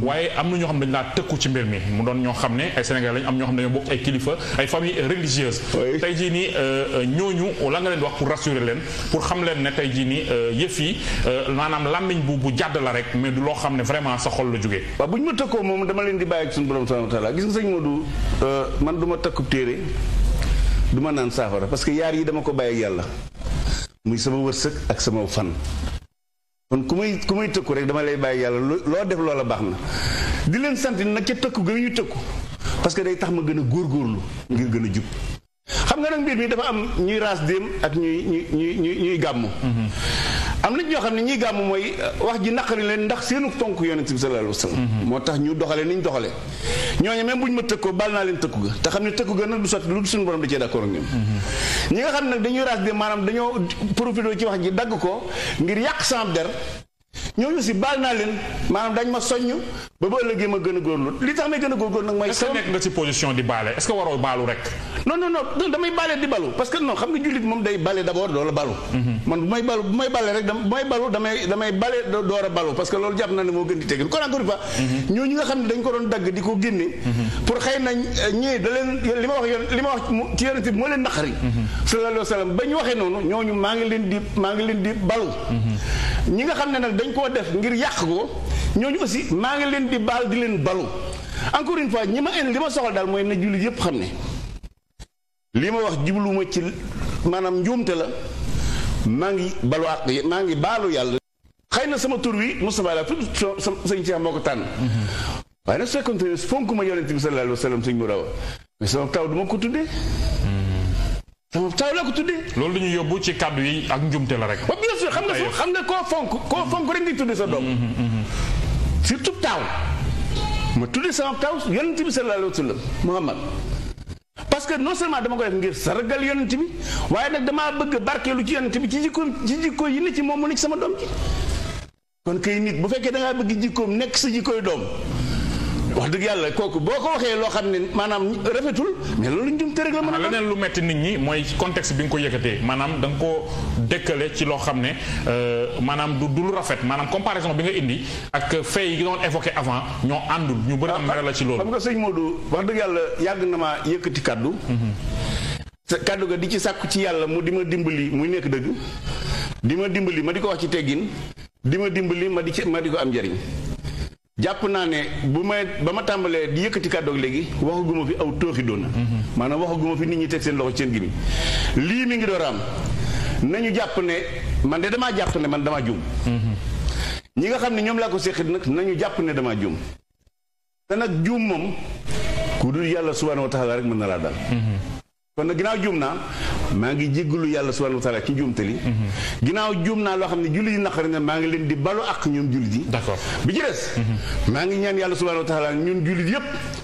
waaye am na ñoo xam ne dañ laa tëkku ci mbir mi mu doon ñoo xam ne ay Sénégalais lañ am ñoo xam ne dañoo bokk ay kilifa ay famille religieuse tey jii nii euh, euh, ñooñu la nga leen wax pour rassurer leen pour xam leen ne tey jii nii euh, yëf yi maanaam làmmiñ bu bu jàdd la rek mais du loo xam ne vraiment sa xol la jógee waaw bu ñu ma tëkkoo moom dama leen di bàyyi ak suñu borom subhanahu wa taala gis nga sëñ Modou man du ma tëkkub téere du ma naan saafara parce que yaar yi dama ko bàyyi yàlla muy sama wërsëg ak sama fan kon ku may ku may tëkku rek dama lay bàyyi yàlla loo def loola baax na di leen sant nag ca tëkku ga ñu tëkku parce que day tax ma gën a góor góorlu ngir gën a jub xam nga nag mbir mi dafa am ñuy raas déem ak ñuy ñuy ñuy ñuy gàmmu mm-hmm. am na ñoo xam ne ñii gàmm mooy euh, wax ji naqari leen ndax seenu tonk yonent bi sallallahu alayhi wa sallam mhm. moo tax ñu doxale ni ñu doxale ñooñu même bu ñu ma tëkkoo baal naa leen tëkku ga te xam ne tëkku ga nag du sotti lu suñu borom da cee d'accord ak ñoom mhm. ñi nga xam ne dañuy raas de maanaam dañoo profité ci wax ji dagg ko ngir yàq sama der ñooñu aussi baal naa leen maanaam dañ ma soññ ba ba ëllëgee ma gën a góorlu li tax may gën a góorgóorlu nag mooy est-ce que nekk nga ci position di baale est-ce que waroo baalu rek non non non damay baale di balu parce que non xam nga jullit moom day bale d'abord doola balu mhm. man bu may balu bu may bale rek da bu may balu damay damay bale door a balu parce que loolu jàpp naa ne moo gën di teggin kon encore une fois mhm. ñooñu nga xam ne dañ ko doon dagg di ko génne mhm. pour xëy na ñee da leen li ma wax yoon li ma wax ci yonent bi moo leen naqari sallallahu alayhi wa sallam ba ñu waxee noonu ñooñu maa ngi leen di maa ngi leen di balu ñi nga xam ne nag dañ ko koo def ngir yàq ko ñooñu aussi maa ngi leen di baal di leen balu encore une fois ñi ma en li ma soxla daal mooy na jullit yépp xam ne li ma wax jubluwuma ci maanaam njuumte la maa ngi balu àq maa ngi baalu yàlla xëy na sama tur wi Moustapha la sa sëñ Cheikh moo ko tànn mm-hmm. waaye nag su fekkoon ne fonk ma yonent bi sallallahu alayhi wa mu rawa taw du ko tuddee taw la ko tuddee. loolu dañuy yóbbu ci kàddu yi ak njumte la rek. xam nga su xam nga koo fonk koo fonk rek di tuddee sa doom. Mm-hmm, mm-hmm. surtout taaw. ma tuddee sama taaw yonent bi sallallahu alayhi wa sallam Muhammad parce que non seulement dama koy def ngir sargal yonent bi waaye nag damaa bëgg barkeelu ci yonent bi ci jikko ci jikko yi ne ci moom mu ne ci sama doom ji. kon kay nit bu fekkee da ngaa bëgg jikkoom nekk sa jikkooy doom wax dëgg yàlla kooku boo ko waxee loo xam ne maanaam rafetul mais loolu njumte rek la ma a ah, leneen lu metti nit ñi mooy contexte bi nga ko yëkkatee maanaam danga nga ko dëkkale ci loo xam ne euh, maanaam du du rafet maanaam comparaison bi nga indi ak fay yi doon évoqué avant ñoo àndul ñu bëri am mere la ci loolu xam nga sëñ du wax dëgg yàlla yàgg na ma yëkkati kàddu mm-hmm. kàddu ga di ci sàkku ci yàlla mu di ma dimbali muy nekk dëgg di ma dimbali ma di ko wax ci teggin di ma dimbali ma di ma di ko am njariñ jàpp naa ne bu may ba ma tàmbalee di yëkkati kàddoog léegi waxaguma fi aw tooxi doona mm-hmm. maanaam waxaguma fi nit ñi teg seen loxo seen gi mi lii mi ngi door am nañu jàpp ne man de damaa jàpp ne man damaa juum mm-hmm. ñi nga xam ne ñoom laa ko séqit nag nañu jàpp ne damaa juum te nag juum moom ku dul yàlla subhaanahu wa taala rek mën na laa dal mm-hmm. kon ginnaaw juum naa maa ngi jéggalu yàlla subhanahu wa taala ci njuumte li mhm. ginnaaw juum naa loo xam ne julli ji naqari na maa ngi leen di balu ak ñoom julli ji d'accord bi ci mhm. maa ngi ñaan yàlla subhanahu wa taala ñun julli yépp